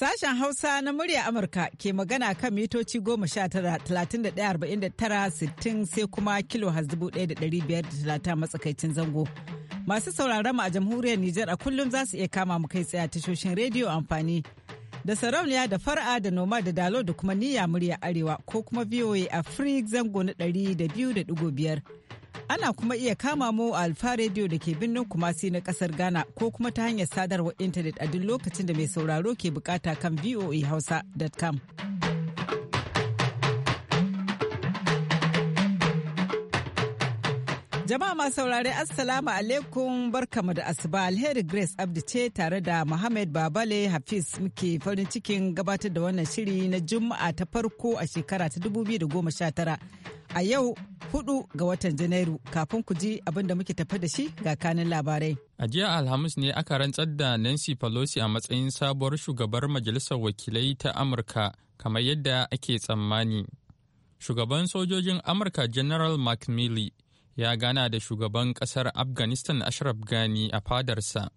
Sashen Hausa na murya Amurka ke magana kan mitoci sittin, sai kuma kilo talata matsakaicin zango. Masu sauraron mu a jamhuriyar Nijar a kullum za su iya kama mu kai tsaye a tashoshin rediyo amfani da sarauniya da fara'a da noma da dalo da kuma niyya murya arewa ko kuma VOA Africa zango na 200.5. Ana kuma iya kama mu a Alfa Radio da ke birnin Kumasi na kasar Ghana ko kuma ta hanyar sadarwa intanet a duk lokacin da mai sauraro ke bukata kan voahausa.com. Jama'a masu saurare Assalamu alaikum barkamu da asuba alheri Grace Abdi ce tare da Muhammad Babale Hafiz muke farin cikin gabatar da wannan shiri na Juma'a ta farko a shekara ta 2019 a yau hudu ga watan Janairu kafin ku ji abin da muke tafa da shi ga kanin labarai. A jiya Alhamis ne aka rantsar da Nancy Pelosi a matsayin sabuwar shugabar Majalisar Wakilai ta Amurka kamar yadda ake tsammani. Shugaban sojojin Amurka General Mark ya gana da shugaban kasar afghanistan ashraf ghani a fadarsa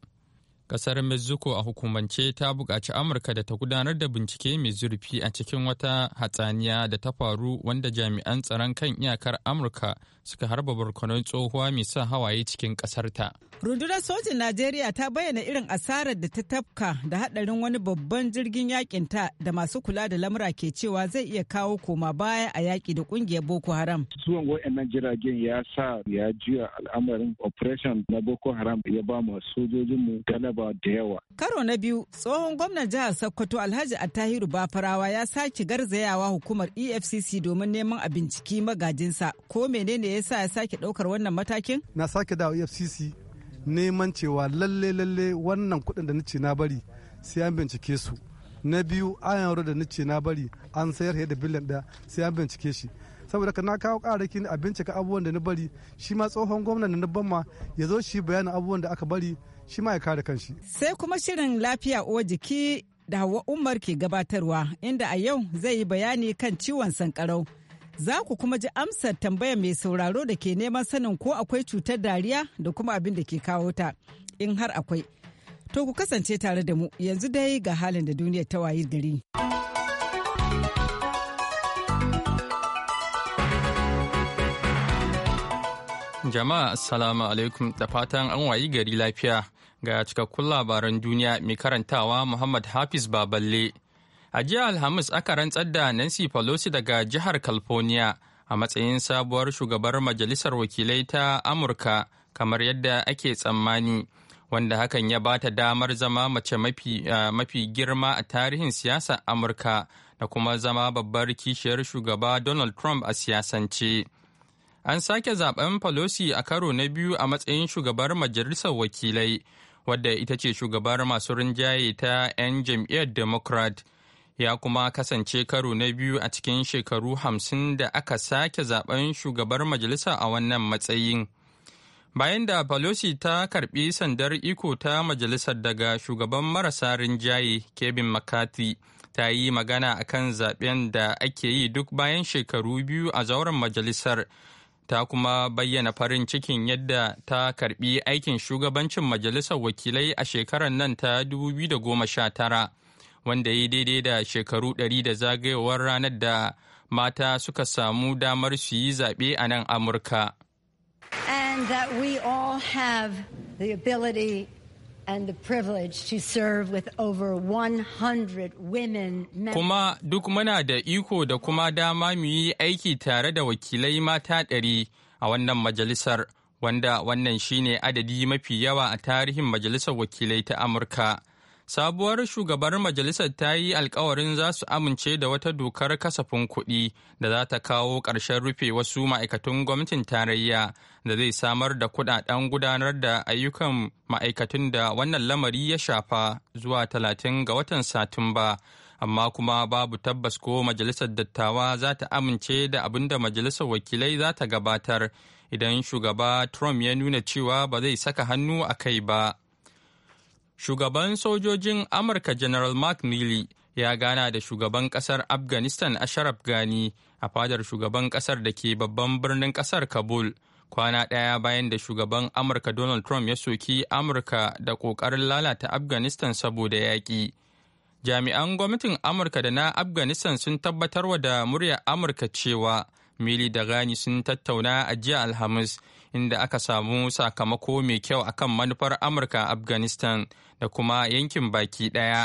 Kasar Mexico a hukumance ta buƙaci Amurka da ta gudanar da bincike mai zurfi a cikin wata hatsaniya da ta faru wanda jami'an tsaron kan iyakar Amurka suka harba barkonon tsohuwa mai sa hawaye cikin ƙasarta. Rundunar sojin Najeriya ta bayyana irin asarar da ta tafka da haɗarin wani babban jirgin yakin ta da masu kula da lamura ke cewa zai iya kawo koma baya a yaƙi da ƙungiyar Boko Haram. Zuwan wa'annan jiragen ya sa ya juya al'amarin operation na Boko Haram ya ba ma sojojinmu ba da yawa. Karo na biyu tsohon gwamnan jihar Sokoto Alhaji Attahiru Bafarawa ya sake garzayawa hukumar EFCC domin neman a binciki magajinsa ko menene ya sa ya sake ɗaukar wannan matakin? Na sake dawo EFCC neman cewa lalle lalle wannan kuɗin da nace na bari sai an bincike su. Na biyu ayan da nace na bari an sayar da biliyan ɗaya sai an bincike shi. saboda ka na kawo karakin a bincika abubuwan da na bari shi ma tsohon gwamnan da na ban ma ya zo shi bayanin abubuwan da aka bari shi ma ya kare kanshi. Sai kuma shirin lafiya uwa jiki da Hawa Umar ke gabatarwa inda a yau zai yi bayani kan ciwon sankarau. Za ku kuma ji amsar tambaya mai sauraro da ke neman sanin ko akwai cutar dariya da kuma abin da ke kawo ta in har akwai. To ku kasance tare da mu yanzu dai ga halin da duniya ta wayi gari. Jama'a assalamu alaikum da fatan an wayi gari lafiya. ga cikakkun labaran duniya mai karantawa Muhammad Hafiz Baballe. A jiya Alhamis aka rantsar da Nancy Pelosi daga jihar California a matsayin sabuwar shugabar Majalisar Wakilai ta Amurka kamar yadda ake tsammani, wanda hakan ya ba ta damar zama mace mafi, girma a tarihin siyasar Amurka da kuma zama babbar kishiyar shugaba Donald Trump a siyasance. An sake zaben Pelosi a karo na biyu a matsayin shugabar Majalisar Wakilai. wadda ita ce shugabar masu rinjaye ta 'yan jam'iyyar democrat ya kuma kasance karo na biyu a cikin shekaru hamsin da aka sake zaben shugabar majalisa a wannan matsayin bayan da pelosi ta karbi sandar iko ta majalisar daga shugaban marasa rinjaye kevin mccarthy ta yi magana akan zaben da ake yi duk bayan shekaru biyu a zauren majalisar ta kuma bayyana farin cikin yadda ta karbi aikin shugabancin majalisar wakilai a shekarar nan ta 2019 wanda ya daidai da shekaru 100 da zagayowar ranar da mata suka samu damar su yi zaɓe a nan amurka and that we have the Kuma duk muna da iko da kuma dama mu yi aiki tare da wakilai mata ɗari a wannan majalisar, wanda wannan shine adadi mafi yawa a tarihin majalisar wakilai ta Amurka. Sabuwar shugabar majalisar ta yi alkawarin za su amince da wata dokar kasafin kuɗi da za ta kawo ƙarshen rufe wasu ma'aikatun gwamnatin tarayya da zai samar da kuɗaɗen gudanar da ayyukan ma'aikatun da wannan lamari ya shafa zuwa talatin ga watan Satumba. Amma kuma babu tabbas ko majalisar dattawa za ta amince da abin da majalisar wakilai za ta gabatar idan shugaba Trump ya nuna cewa ba zai saka hannu a kai ba. Shugaban sojojin Amurka General Mark Milley ya gana da shugaban kasar Afghanistan Ashraf gani a fadar shugaban kasar da ke babban birnin kasar Kabul. Kwana ɗaya bayan da shugaban Amurka Donald Trump ya soki Amurka da ƙoƙarin lalata Afghanistan saboda yaƙi. Jami'an gwamnatin Amurka da na Afghanistan sun tabbatar wa da muryar Amurka cewa Mili da Ghani sun tattauna a jiya Alhamis inda aka samu sakamako mai kyau akan manufar amurka afghanistan da kuma yankin baki ɗaya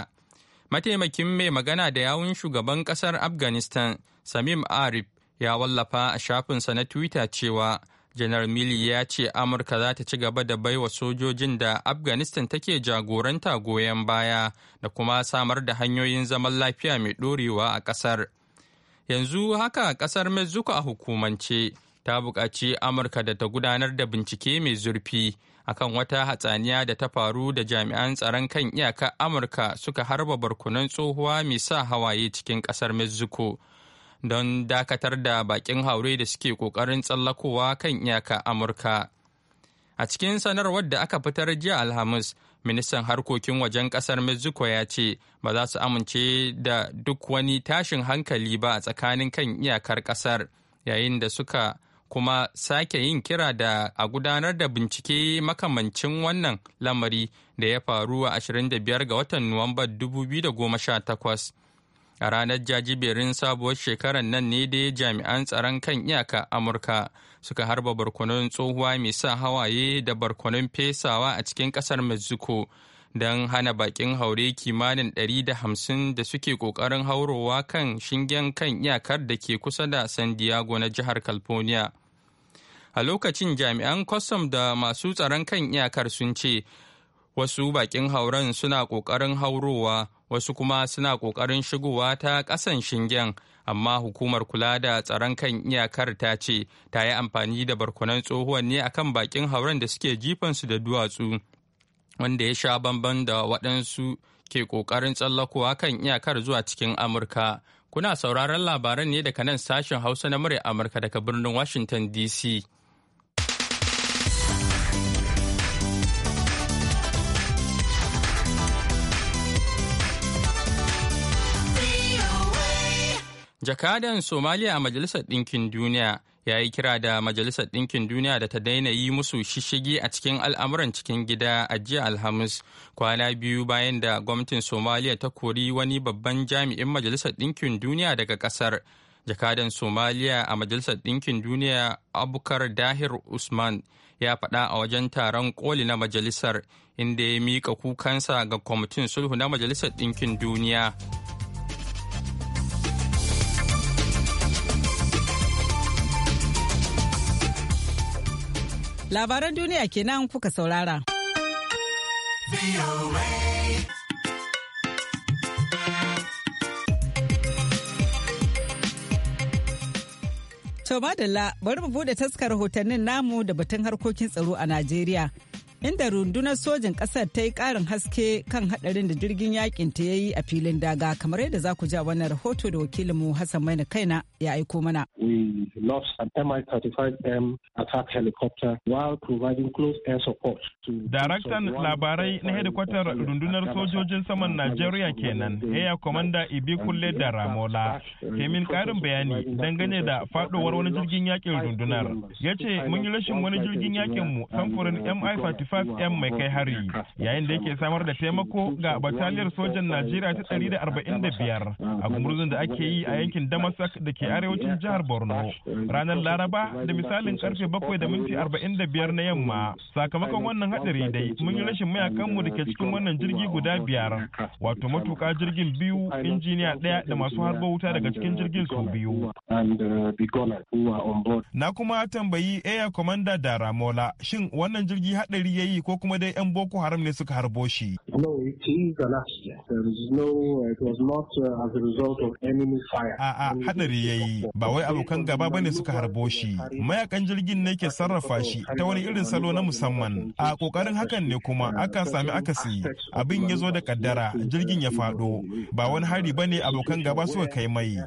mataimakin mai magana da yawun shugaban ƙasar afghanistan samim arif ya wallafa a shafinsa na twitter cewa janar mili ya ce amurka za ta ci gaba da baiwa sojojin da afghanistan take jagoranta goyon baya da kuma samar da hanyoyin zaman lafiya mai ɗorewa a ƙasar yanzu haka ƙasar mexico a hukumance ta buƙaci amurka da ta gudanar da bincike mai zurfi akan wata hatsaniya da ta faru da jami'an tsaron kan iyaka amurka suka harba barkunan tsohuwa mai sa hawaye cikin ƙasar mexico don dakatar da bakin haure da suke ƙoƙarin tsallakowa kan iyaka amurka a cikin sanarwar da aka fitar jiya alhamis ministan harkokin wajen ƙasar mexico ya ce ba za su amince da duk wani tashin hankali ba a tsakanin kan iyakar ƙasar yayin da suka kuma sake yin kira da a gudanar da bincike makamancin wannan lamari da ya faru a 25 ga watan Nuwambar 2018. A ranar jajiberin sabuwar shekarar nan ne dai jami'an tsaron kan iyaka Amurka suka harba barkonon tsohuwa mai sa hawaye da barkonon fesawa a cikin kasar Mexico don hana bakin haure kimanin 150 da suke kokarin haurowa kan shingen kan iyakar da ke kusa da San Diego na jihar California. a lokacin jami'an kwastam da masu tsaron kan iyakar sun ce wasu bakin hauren suna ƙoƙarin haurowa wasu kuma suna ƙoƙarin shigowa ta ƙasan shingen amma hukumar kula da tsaron kan iyakar ta ce ta yi amfani da barkunan tsohuwan ne akan bakin hauren da suke jifansu da duwatsu wanda ya sha bamban da waɗansu ke ƙoƙarin tsallakowa kan iyakar zuwa cikin amurka kuna sauraron labaran ne daga nan sashen hausa na murya amurka daga birnin washington dc Jakadan Somaliya a Majalisar Ɗinkin Duniya ya yi kira da Majalisar Ɗinkin Duniya da ta daina yi musu shishigi a cikin al'amuran cikin gida a jiya Alhamis kwana biyu bayan da gwamnatin Somaliya ta kori wani babban jami'in Majalisar Ɗinkin Duniya daga ƙasar. Jakadan Somaliya a Majalisar Ɗinkin Duniya Abukar Dahir Usman ya faɗa a wajen taron koli na majalisar inda ya mika kukansa ga kwamitin sulhu na Majalisar Ɗinkin Duniya. Labaran duniya kenan kuka saurara. To madalla bari mu bude taskar rahotannin namu da batun harkokin tsaro a Najeriya. inda rundunar sojin ƙasar ta yi ƙarin haske kan haɗarin da jirgin yakin ta yayi a filin daga kamar yadda za ku ja wannan rahoto da wakilinmu Hassan Maina Kaina ya aiko mana. We lost an Mi-35M attack helicopter while providing close air support to... Daraktan labarai na hedikwatar rundunar sojojin saman Najeriya kenan, Air Commander Ibi Kulle da Ramola, uh, ke min ƙarin bayani dangane da faɗowar wani jirgin yakin rundunar. Ya ce, mun yi rashin wani jirgin yakin mu samfurin MI-35 FFM mai kai hari yayin da yake samar da taimako ga bataliyar sojan Najeriya ta ɗari da biyar a gumurzun da ake yi a yankin Damasak da ke arewacin jihar Borno ranar Laraba da misalin karfe bakwai da minti arba'in da biyar na yamma sakamakon wannan hadari dai mun yi rashin mayakanmu da ke cikin wannan jirgi guda biyar wato matuka jirgin biyu injiniya ɗaya da masu harba wuta daga cikin jirgin su biyu. Na kuma tambayi Air Commander Daramola shin wannan jirgi hadari ya yi ko kuma dai 'yan Boko Haram ne suka harbo shi. Uh, A'a hadari ya yi ba wai abokan gaba bane suka harbo shi. Mayakan jirgin ne ke sarrafa shi ta wani irin salo na musamman. A kokarin hakan ne kuma aka sami uh, akasi abin ya zo da kaddara jirgin ya faɗo. ba wani hari bane abokan gaba suka kai mai.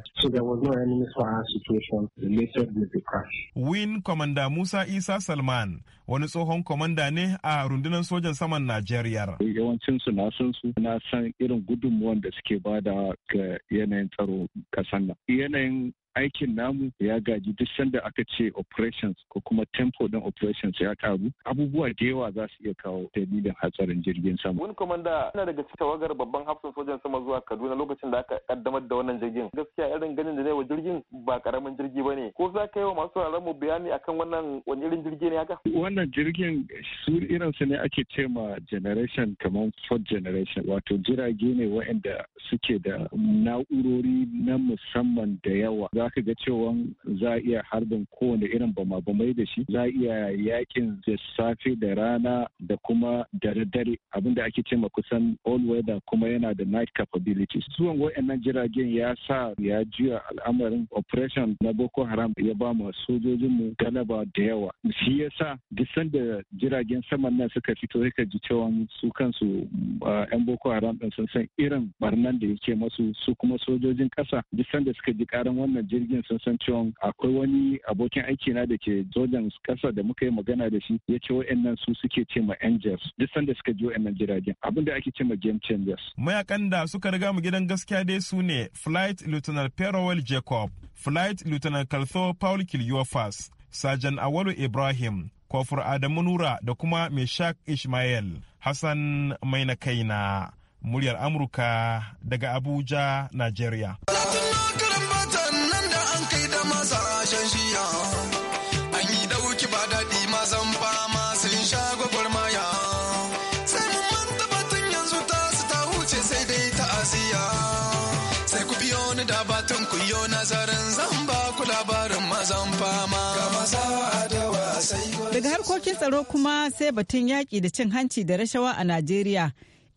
Win Kwamanda Musa Isa Salman wani tsohon kwamanda ne a rundunar sojan saman Najeriya. Yawancin su na san su na san irin gudunmuwan da suke bada ga yanayin tsaro kasan nan. Yanayin aikin namu ya gaji duk sanda aka ce operations ko kuma tempo din operations ya karu abubuwa da yawa za su iya kawo dalilin hatsarin jirgin sama. Wani komanda yana daga cikin tawagar babban hafsan sojan sama zuwa Kaduna lokacin da aka kaddamar da wannan jirgin. Gaskiya irin ganin da ne wa jirgin ba karamin jirgi ba ne. Ko za ka yi wa masu sauraron mu bayani akan wannan wani irin jirgi ne haka? Wannan jirgin su irin su ne ake ce ma generation kamar fourth generation wato jirage ne waɗanda suke da na'urori na musamman da yawa. za ka ga cewa za a iya harbin kowane irin bama bamai da shi za a iya yakin da safe da rana da kuma dare dare abinda ake ce ma kusan all weather kuma yana da night capabilities zuwan wayannan jiragen ya sa ya juya al'amarin operation na boko haram ya ba mu sojojinmu galaba da yawa shi yasa duk sanda jiragen saman nan suka fito suka ji cewa su kansu yan boko haram din sun san irin barnan da yake masu su kuma sojojin kasa duk sanda suka ji karan wannan jirgin sun san cewa akwai wani abokin aiki na da ke jordan kasa da muka yi magana da shi ya ce wa'annan su suke ce ma angels duk sanda suka ji wa'annan jiragen abin da ake ce ma game changers mayakan da suka riga mu gidan gaskiya dai su ne flight lieutenant perowell jacob flight lieutenant Kalso paul kiliofas sajan awalu ibrahim kofur adamu nura da kuma meshak ishmael hassan mai na kaina muryar amurka daga abuja nigeria an kai da masara shan shiya an yi dauki ba daɗi mazan fama sun sha gwagwarmaya sai mun manta batun yanzu ta su ta huce sai dai ta asiya sai ku biyo ni da batun ku yo nazarin zan ba ku labarin mazan fama daga harkokin tsaro kuma sai batun yaƙi da cin hanci da rashawa a najeriya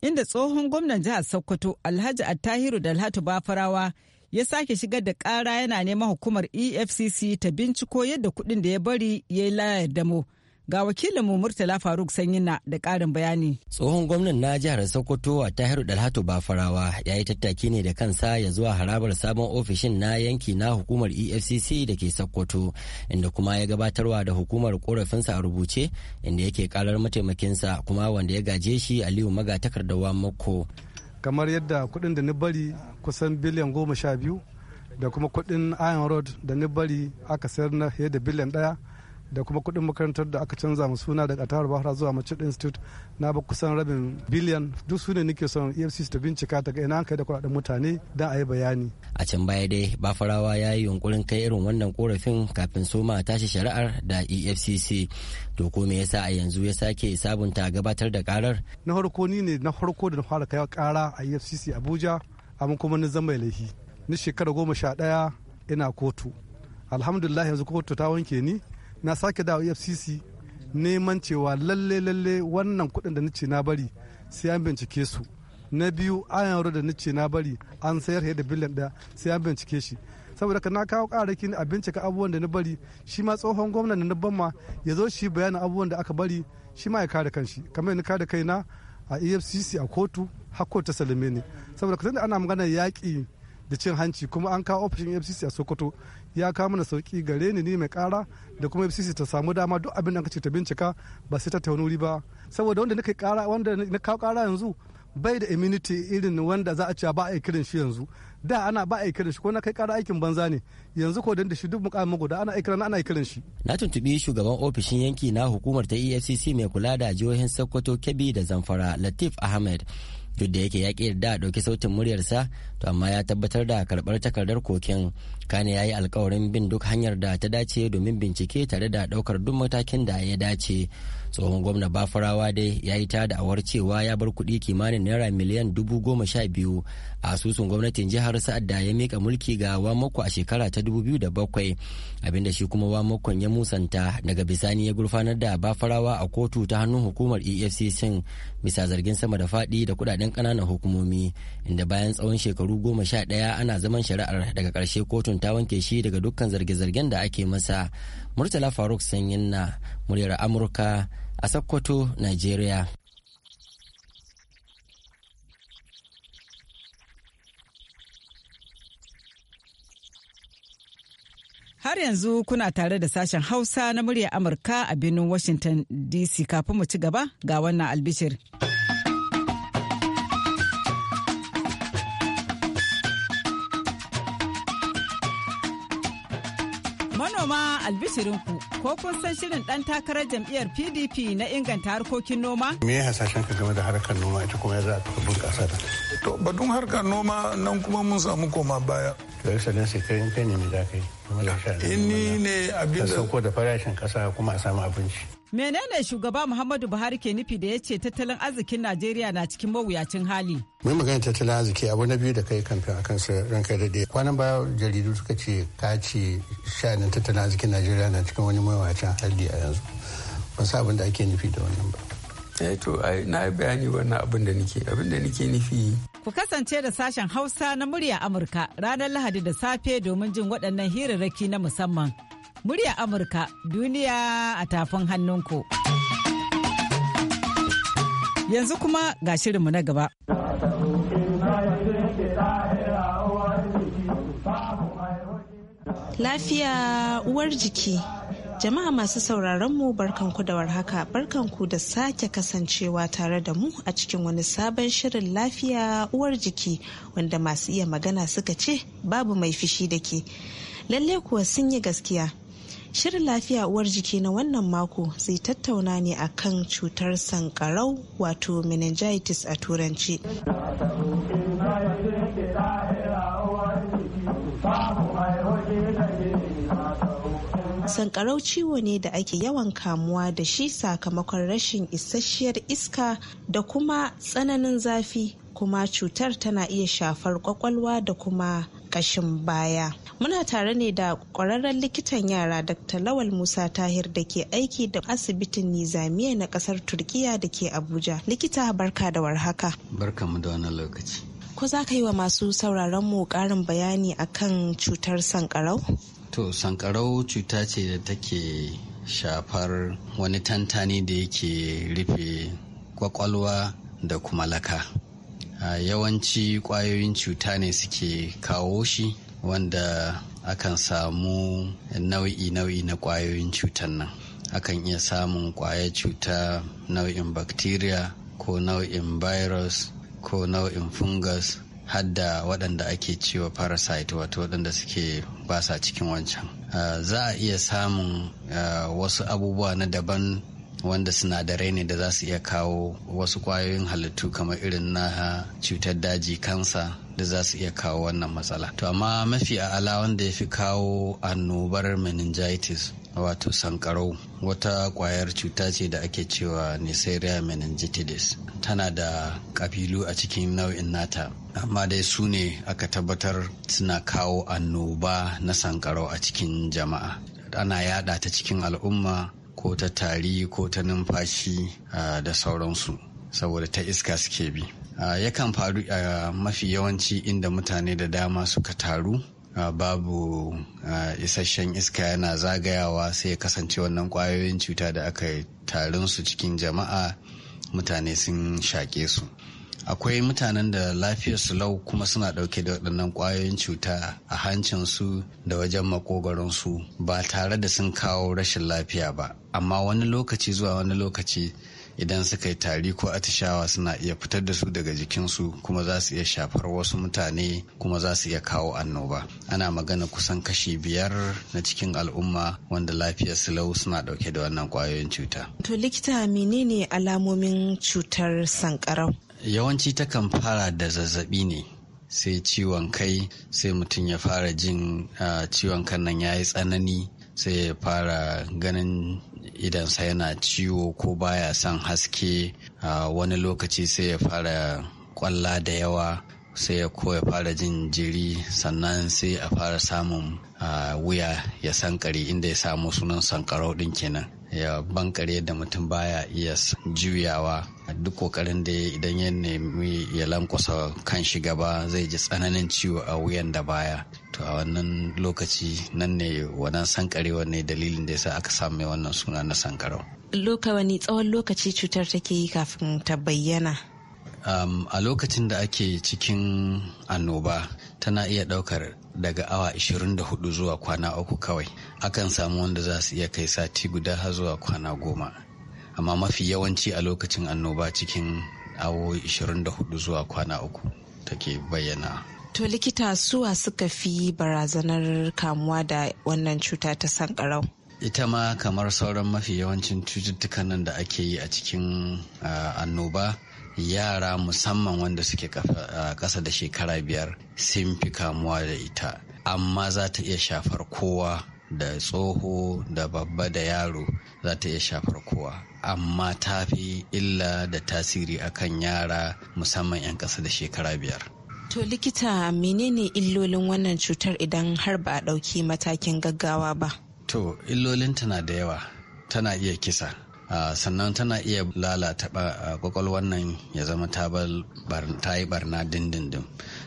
inda tsohon gwamnan jihar sokoto alhaji attahiru dalhatu bafarawa ya sake shigar da ƙara yana neman hukumar efcc ta binciko yadda kuɗin da ya bari ya yi da damo ga wakilinmu murtala faruk sanyina da karin bayani tsohon gwamnan na jihar sokoto a tahiru dalhatu bafarawa ya yi tattaki ne da kansa ya zuwa harabar sabon ofishin na yanki na hukumar efcc da ke sokoto inda kuma ya gabatarwa da hukumar korafinsa a rubuce inda yake karar mataimakinsa kuma wanda ya gaje shi aliyu magatakardawa mako kamar yadda kuɗin da ni bari kusan biliyan goma sha biyu da kuma kuɗin iron road da ni bari aka sayar na fiye da biliyan ɗaya da kuma kudin makarantar da aka canza mu suna daga tawar Bahra zuwa Machid Institute na ba kusan rabin biliyan duk su ne nake son EFCC ta bincika ta ga ina kai da kuɗaɗen mutane da a yi bayani. A can baya dai Bafarawa ya yi yunkurin kai irin wannan korafin kafin soma tashi shari'ar da EFCC. To ko me yasa a yanzu ya sake sabunta gabatar da karar? Na farko ni ne na farko da na fara kai kara a EFCC Abuja amma kuma ni zama laifi. Ni shekara goma sha ɗaya ina kotu. Alhamdulillah yanzu kotu ta wanke ni na sake dawo efcc neman cewa lalle lalle wannan kudin da nace na bari sai an bincike su na biyu ayan da nace na bari an sayar da biliyan da sai an bincike shi saboda ka na kawo ƙararraki a bincika abubuwan da na bari shi ma tsohon gwamnan na ma ya zo shi bayanin abubuwan da aka bari shi ma ya kare kanshi kamar ni kare na a efcc a kotu hakko ta salame ne saboda ka ana magana yaƙi da cin hanci kuma an kawo ofishin efcc a sokoto ya kama na sauki gare ni ni mai kara da kuma FCC ta samu dama duk abin da ce ta bincika ba sai ta tauni ba saboda wanda nake kara wanda na kawo kara yanzu bai da immunity irin wanda za a ci ba a kiran shi yanzu da ana ba a kiran shi ko na kai kara aikin banza ne yanzu ko da shi duk mukamin guda ana kiran ana kiran shi na tuntubi shugaban ofishin yanki na hukumar ta EFCC mai kula da jihohin Sokoto Kebbi da Zamfara Latif Ahmed duk da yake ya ƙi yarda a ɗauki sautin muryarsa to amma ya tabbatar da karɓar takardar koken kane ya yi alkawarin bin duk hanyar da ta dace domin bincike tare da daukar duk matakin da ya dace tsohon gwamna bafarawa dai ya yi ta da'awar cewa ya bar kuɗi kimanin naira miliyan dubu goma sha biyu a asusun gwamnatin jihar sa'ad da ya mika mulki ga wamako a shekara ta dubu biyu da bakwai abinda shi kuma wamakon ya musanta daga bisani ya gurfanar da bafarawa a kotu ta hannun hukumar efcc bisa zargin sama da faɗi da kuɗaɗen ƙananan hukumomi inda bayan tsawon shekaru goma sha ɗaya ana zaman shari'ar daga ƙarshe kotun ta wanke shi daga dukkan zarge-zargen da ake masa murtala faruk sanyin na muryar amurka a sokoto nigeria Har yanzu kuna tare da sashen Hausa na muryar Amurka a birnin Washington DC kafin mu ci gaba ga wannan albishir. albishirinku ko kun san shirin ɗan takarar jam'iyyar PDP na inganta harkokin noma? Me ya hasashen ka game da harkar noma ita kuma ya za a bunƙasa ta? To batun harkar noma nan kuma mun samu koma baya. To excellency kai in kai ne me za ka yi? In eh, ne abin da. Da sauko da farashin ƙasa kuma a samu abinci. Menene shugaba Muhammadu Buhari ke nufi da ya ce tattalin arzikin Najeriya na cikin mawuyacin hali? Mai magana tattalin arziki abu na biyu da kai kamfen a kansa da daɗe. Kwanan baya jaridu suka ce ka ce sha'anin tattalin arzikin Najeriya na cikin wani mawuyacin hali a yanzu. ba sa abin da ake nufi da wannan ba. Eh to na bayani wannan abin da nake abin da nake nufi. Ku kasance da sashen Hausa na murya Amurka ranar Lahadi da safe domin jin waɗannan hirarraki na musamman. murya Amurka duniya a tafin hannunku. Yanzu kuma ga shirinmu na gaba. Lafiya uwar jiki. Jama'a masu sauraron mu barkanku da warhaka barkanku da sake kasancewa tare da mu a cikin wani sabon shirin lafiya uwar jiki wanda masu iya magana suka ce babu mai fishi da ke. Lalle kuwa sun yi gaskiya Shirin lafiya uwar jiki na wannan mako zai tattauna ne kan cutar sankarau wato meningitis a turanci. sankarau ciwo ne da ake yawan kamuwa da shi sakamakon rashin isasshiyar iska da kuma tsananin zafi kuma cutar tana iya shafar kwakwalwa da kuma kashin baya. Muna tare ne da kwararren likitan yara Dr. Lawal Musa Tahir da ke aiki da asibitin Nizamiya na kasar Turkiya da ke Abuja. Likita barka da warhaka. Barka mu da wani lokaci. Ko za ka yi wa masu sauraron mu karin bayani akan cutar sankarau? To sankarau cuta ce da take shafar wani tantani da yake rufe kwakwalwa da kuma laka. yawanci kwayoyin cuta ne suke kawo shi wanda akan samu nau'i-nau'i na kwayoyin cutan nan akan iya samun kwayar cuta nau'in bacteria ko nau'in virus ko nau'in fungus hadda waɗanda ake cewa parasite wato waɗanda suke basa cikin wancan za a iya samun wasu abubuwa na daban wanda sinadarai ne da za su iya kawo wasu kwayoyin halittu kamar irin na cutar daji kansa da za su iya kawo wannan matsala to amma mafi a'ala wanda ya fi kawo annobar meningitis wato sankarau wata kwayar cuta ce da ake cewa neisseria meningitidis tana da kabilu a cikin nau'in nata amma dai su ne aka tabbatar suna kawo annoba na sankarau a cikin jama'a ana yada ta cikin al'umma ko ta tari ko ta numfashi da sauransu saboda ta iska suke bi yakan faru a mafi yawanci inda mutane da dama suka taru babu isasshen iska yana zagayawa sai ya kasance wannan kwayoyin cuta da aka tarin su cikin jama'a mutane sun shaƙe su akwai mutanen da lafiyarsu lau kuma suna ɗauke da waɗannan ƙwayoyin cuta a hancinsu da wajen su ba tare da sun kawo rashin lafiya ba amma wani lokaci zuwa wani lokaci idan suka yi tari ko atishawa suna iya fitar da su daga jikinsu kuma za su iya shafar wasu mutane kuma za su iya kawo annoba ana magana kusan kashi biyar na cikin al'umma wanda lafiyar silau suna dauke da wannan kwayoyin cuta to likita menene alamomin cutar sankarau yawanci takan fara da zazzabi ne sai ciwon kai sai mutum ya fara jin ciwon kan nan ya yi tsanani sai ya fara ganin idansa yana ciwo ko baya son haske wani lokaci sai ya fara kwalla da yawa sai ya koya fara jin jiri sannan sai a fara samun wuya ya sankare inda ya samu sunan sankarau din kenan ya bankare da mutum baya iya juyawa duk kokarin da idan ya nemi ya lankwasa kan shi gaba zai ji tsananin ciwo a wuyan da baya to a wannan lokaci nan ne wannan sankarewa ne dalilin da yasa aka samu wannan suna na sankarau loka wani tsawon lokaci cutar take yi kafin ta bayyana um, a lokacin da ake cikin annoba tana iya ɗaukar daga awa 24 zuwa kwana uku kawai akan samu wanda za su iya kai sati guda har zuwa kwana goma amma mafi yawanci a lokacin annoba cikin awo 24 zuwa kwana uku take bayyana to likita suwa suka fi barazanar kamuwa da wannan cuta ta sankarau ita ma kamar sauran mafi yawancin cututtukan nan da ake yi a cikin ah, annoba yara musamman wanda suke kasa da shekara biyar sun fi kamuwa da ita amma za ta iya shafar kowa da tsoho da babba da yaro za ta iya shafar kowa amma ta fi illa da tasiri akan yara musamman 'yan kasa da shekara biyar To likita menene illolin wannan cutar idan har ba a ɗauki matakin gaggawa ba? To illolinta na da yawa tana iya kisa Ah, sannan tana iya lalata ah, kwakwalwar nan ya zama ta yi barna dindindin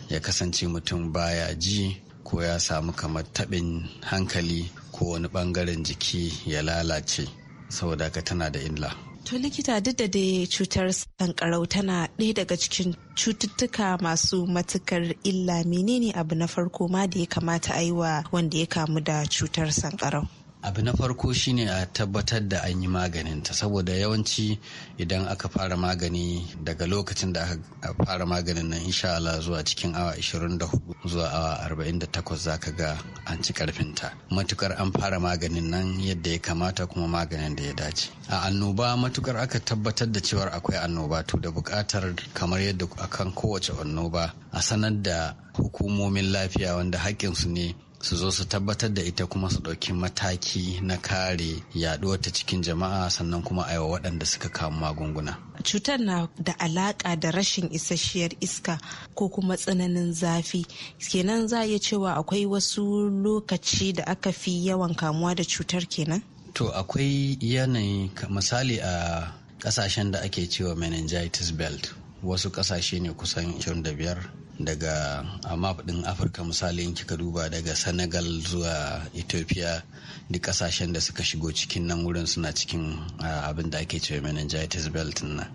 ya kasance mutum baya ji ko ya samu kamar taɓin hankali ko wani ɓangaren jiki ya lalace saboda ka tana da illa To likita duk da dai cutar sankarau tana ɗaya daga cikin cututtuka masu matukar illa menene abu na farko ma da ya kamata a yi wa wanda ya kamu da cutar sankarau. abu na farko shine a tabbatar da an yi maganin ta, saboda yawanci idan aka fara magani daga lokacin da aka fara maganin nan insha zuwa cikin awa 24 zuwa awa 48 zaka ga an ci karfinta matukar an fara maganin nan yadda ya kamata kuma maganin da ya dace a annoba matukar aka tabbatar da cewar akwai annoba to da buƙatar kamar yadda akan kowace annoba a sanar da hukumomin lafiya wanda haƙƙinsu ne su zo su tabbatar da ita kuma su ɗauki mataki na kare yaɗuwar ta cikin jama'a sannan kuma a wa waɗanda suka kawo magunguna. Cutar na da alaƙa da rashin isasshiyar iska ko kuma tsananin zafi. Kenan za a cewa akwai wasu lokaci da aka fi yawan kamuwa da cutar kenan? To akwai yanayi misali a ƙasashen da ake cewa meningitis belt wasu ƙasashe ne kusan 25 daga map din afirka misali in kika duba daga senegal zuwa ethiopia duk kasashen da suka shigo cikin nan wurin suna cikin abin da ake cewa meningitis belt na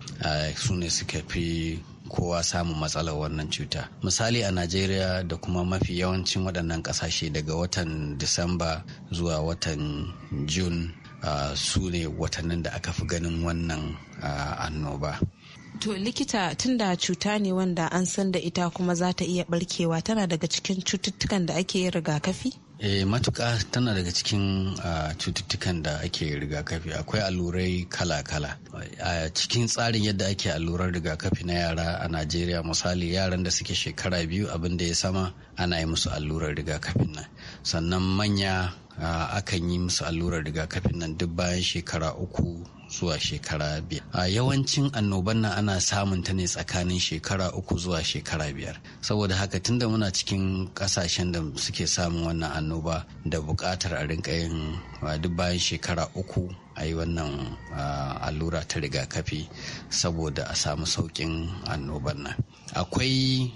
su ne suka fi kowa samun matsalar wannan cuta misali a najeriya da kuma mafi yawancin waɗannan kasashe daga watan disamba zuwa watan june su ne watannin da aka fi ganin wannan annoba To likita tunda cuta ne wanda an san da ita kuma za ta iya barkewa tana daga cikin cututtukan da ake yin rigakafi? E, eh, matuka tana daga cikin cututtukan da ake rigakafi akwai allurai kala-kala a cikin tsarin yadda ake allurar rigakafi na yara a najeriya misali yaran da suke shekara biyu abin da ya sama ana yi musu allurar rigakafin nan sannan manya uh, akan yi musu allurar rigakafin nan duk bayan shekara uku zuwa shekara biyar a yawancin annoban nan ana samun ta ne tsakanin shekara uku zuwa shekara biyar saboda haka tunda muna cikin kasashen da suke samun wannan annoba da buƙatar a rinka yin duk bayan shekara uku a yi wannan allura ta rigakafi saboda a samu sauƙin annobar nan akwai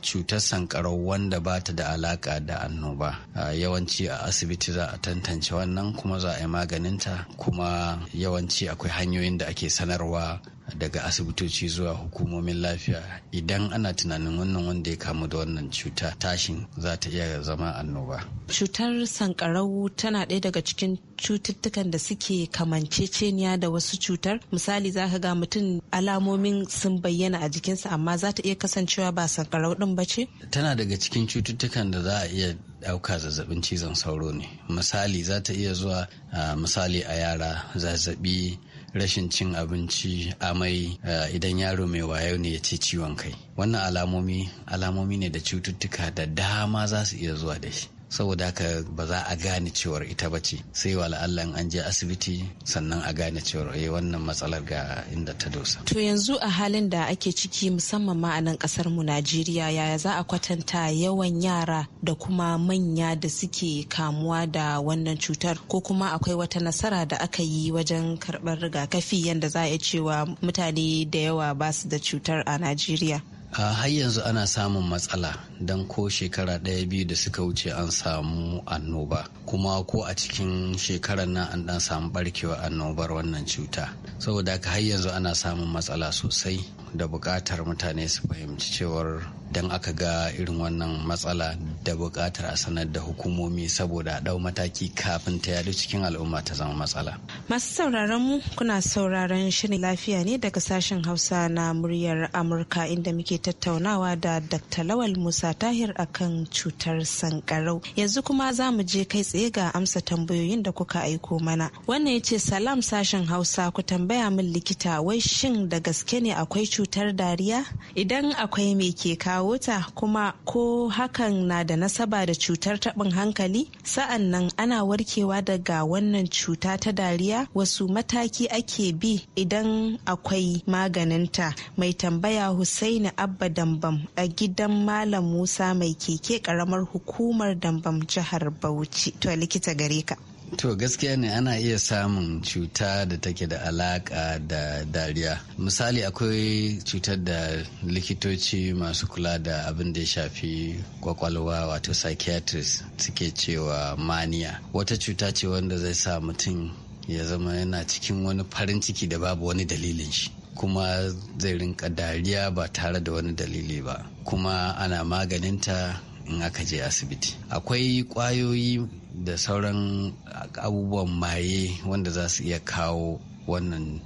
cutar sankarau wanda ba ta da alaka da annoba yawanci a asibiti za a tantance wannan kuma za a yi maganinta kuma yawanci akwai hanyoyin da ake sanarwa daga asibitoci zuwa hukumomin lafiya idan ana tunanin wannan wanda ya kamu da wannan cuta tashin za ta iya zama annoba. Cutar sankarau tana ɗaya daga cikin cututtukan da suke kamanceceniya da wasu cutar misali za ka ga mutum alamomin sun bayyana a jikinsa amma za ta iya kasancewa ba sankarau ɗin ba ce? Tana daga cikin cututtukan da za a iya ɗauka zazzabin cizon sauro ne misali za ta iya zuwa ah, misali a yara zazzabi rashin cin abinci amai eh, idan yaro mai wayo ne ya ce ciwon kai wannan alamomi alamomi ne da cututtuka da dama za su iya zuwa da shi saboda haka ba za a gane cewar ita ba ce sai wa la'allan an je asibiti sannan a gane cewar eh wannan matsalar ga inda ta dosa to yanzu a halin da ake ciki musamman ma a nan kasar mu Najeriya yaya za a kwatanta yawan yara da kuma manya da suke kamuwa da wannan cutar ko kuma akwai wata nasara da aka yi wajen karɓar rigakafi yadda za a iya cewa mutane da yawa ba su da cutar a Najeriya a har yanzu ana samun matsala don ko shekara ɗaya biyu da suka wuce an samu annoba kuma ko a cikin shekarar nan an dan samu barkewa annobar wannan cuta saboda haka har yanzu ana samun matsala sosai da buƙatar mutane su fahimci cewar don aka ga irin wannan matsala da buƙatar a sanar da hukumomi saboda a ɗau mataki kafin ta yadu cikin al'umma ta zama matsala. Masu sauraron mu kuna sauraron shirin lafiya ne daga sashen Hausa na muryar Amurka inda muke tattaunawa da Dr. Lawal Musa Tahir akan cutar sankarau. Yanzu kuma za mu je kai tsaye ga amsa tambayoyin da kuka aiko mana. Wannan ya ce salam sashen Hausa ku tambaya min likita wai shin da gaske ne akwai cutar cutar dariya idan akwai mai ke kawo ta kuma ko hakan na da nasaba da cutar tabin hankali sa'an nan ana warkewa daga wannan cuta ta dariya wasu mataki ake bi idan akwai maganinta mai tambaya Husaini Abba Dambam a gidan Malam Musa mai keke ƙaramar hukumar Dambam jihar Bauchi to likita gare ka. To gaskiya ne ana iya samun cuta da take da alaka da dariya. Misali akwai cutar da likitoci masu kula da abin da ya shafi kwakwalwa wato psychiatrist suke cewa maniya Wata cuta ce wanda zai sa mutum ya zama yana cikin wani farin ciki da babu wani dalilin shi. kuma zai rinka dariya ba tare da wani dalili ba kuma ana maganinta in aka je asibiti akwai kwayoyi da sauran abubuwan maye wanda za su iya kawo wannan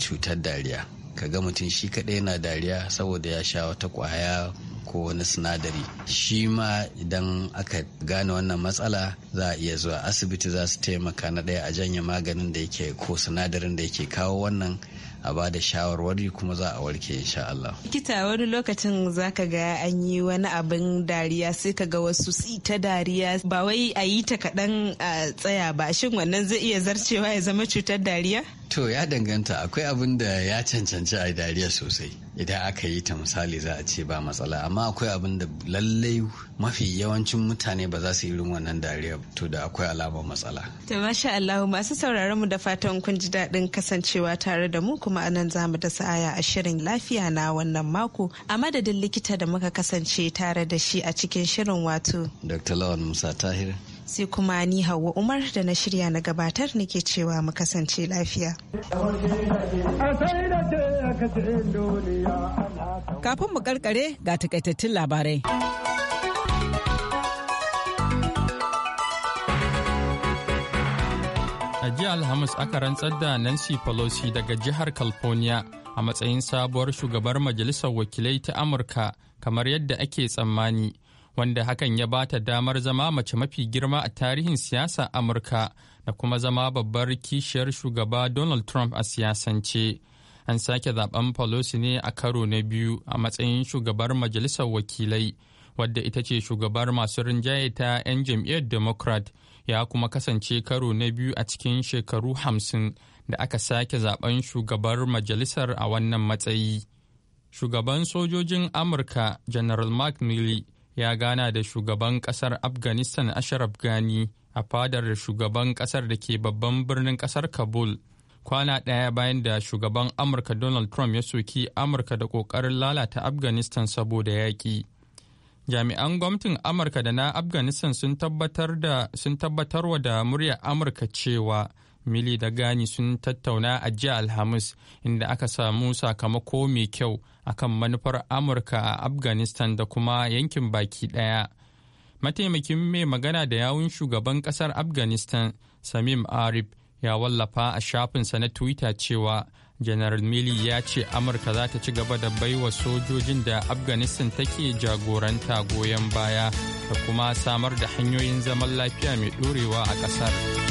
cutar dariya ka kaga mutum shi kadai yana dariya saboda ya sha wata kwaya ko wani sinadari shi ma idan aka gane wannan matsala za a iya zuwa asibiti za su taimaka na ɗaya a janye maganin da yake ko sinadarin da yake kawo wannan a ba da shawarwari kuma za a warke insha Allah. Likita wani lokacin za ka ga an yi wani abin dariya sai ka ga wasu si ta dariya ba wai a yi ta kaɗan a tsaya ba shin wannan zai iya zarcewa ya zama cutar dariya? To ya danganta akwai abin da ya cancanci a dariya sosai idan aka yi ta misali za a ce ba matsala amma akwai abin da lallai mafi yawancin mutane ba za su yi irin wannan dariya to da akwai alamar matsala. To masha Allah masu sauraron mu da fatan kun ji daɗin kasancewa tare da mu kuma anan za mu da sa'aya a shirin lafiya na wannan mako a madadin likita da muka kasance tare da shi a cikin shirin wato. Dr. Lawan Musa Tahir. sai kuma ni hawa umar da na shirya na gabatar nake cewa mu kasance lafiya kafin mu karkare ga takaitattun labarai a jiya alhamis aka rantsar da nancy pelosi daga jihar california a matsayin sabuwar shugabar majalisar wakilai ta amurka kamar yadda ake tsammani wanda hakan ya ba ta damar zama mace mafi girma a tarihin siyasa Amurka da kuma zama babbar kishiyar shugaba Donald Trump a siyasance. An sake zaben Pelosi ne a karo na biyu a matsayin shugabar majalisar wakilai, wadda ita ce shugabar masu rinjaye ta 'yan jam'iyyar Democrat, ya kuma kasance karo na biyu a cikin shekaru hamsin da aka sake zaben shugabar majalisar a wannan matsayi. Shugaban sojojin Amurka, General Mark Milley, ya gana da shugaban kasar afghanistan ashraf ghani a fadar da shugaban kasar da ke babban birnin kasar kabul kwana ɗaya bayan da shugaban amurka donald trump ya soki amurka da ƙoƙarin lalata afghanistan saboda yaƙi jami'an gwamnatin amurka da na afghanistan sun tabbatar wa da muryar amurka cewa mili da gani sun tattauna a jiya alhamis inda aka samu sakamako mai kyau akan manufar amurka a afghanistan da kuma yankin baki daya mataimakin mai magana da yawun shugaban kasar afghanistan samim arif ya wallafa a shafinsa na twitter cewa janar mili ya ce amurka za ta ci gaba da baiwa sojojin da afghanistan take jagoranta goyon baya da kuma samar da hanyoyin zaman lafiya mai ɗorewa a ƙasar.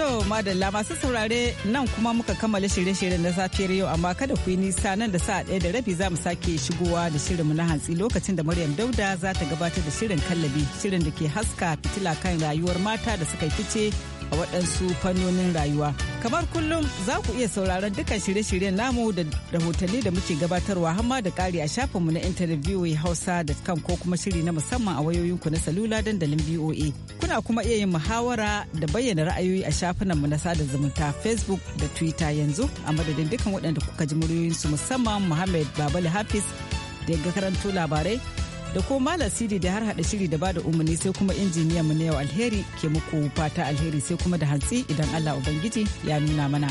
To madalla masu saurare nan kuma muka kammala shirye-shiryen na safiyar yau amma kada ku yi nisa nan da sa'a ɗaya da rabi za mu sake shigowa da shirinmu na hantsi lokacin da Maryam Dauda za ta gabatar da shirin kallabi shirin da ke haska fitila kan rayuwar mata da suka fice a waɗansu fannonin rayuwa. Kamar kullum za ku iya sauraron dukkan shirye-shiryen namu da rahotanni da muke gabatarwa hamma da ƙari a shafinmu na intanet kan ko kuma shiri na musamman a wayoyinku na salula dandalin BOA. Kuna kuma iya yin muhawara da bayyana ra'ayoyi a shafinanmu na sada zumunta Facebook da Twitter yanzu a madadin dukkan waɗanda kuka ji muryoyinsu musamman Muhammad Babali Hafiz da ya karanto labarai da ko malam sidi da har hada shiri da bada umarni sai kuma injiniyan mu na yau alheri ke muku fata alheri sai kuma da hantsi idan allah ubangiji ya nuna mana.